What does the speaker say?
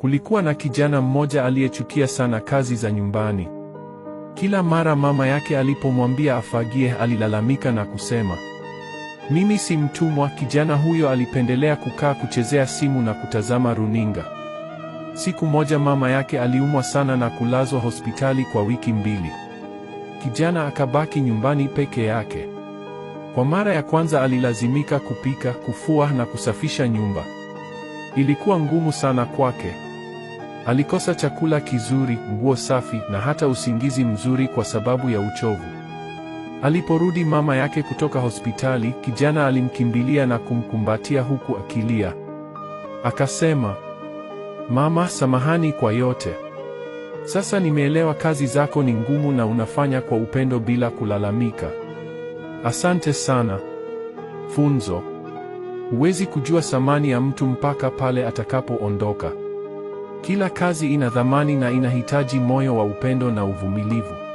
Kulikuwa na kijana mmoja aliyechukia sana kazi za nyumbani. Kila mara mama yake alipomwambia afagie, alilalamika na kusema, mimi si mtumwa. Kijana huyo alipendelea kukaa kuchezea simu na kutazama runinga. Siku moja mama yake aliumwa sana na kulazwa hospitali kwa wiki mbili. Kijana akabaki nyumbani peke yake. Kwa mara ya kwanza alilazimika kupika, kufua na kusafisha nyumba. Ilikuwa ngumu sana kwake. Alikosa chakula kizuri, nguo safi na hata usingizi mzuri kwa sababu ya uchovu. Aliporudi mama yake kutoka hospitali, kijana alimkimbilia na kumkumbatia huku akilia. Akasema, "Mama, samahani kwa yote. Sasa nimeelewa kazi zako ni ngumu na unafanya kwa upendo bila kulalamika. Asante sana." Funzo: huwezi kujua thamani ya mtu mpaka pale atakapoondoka. Kila kazi ina thamani na inahitaji moyo wa upendo na uvumilivu.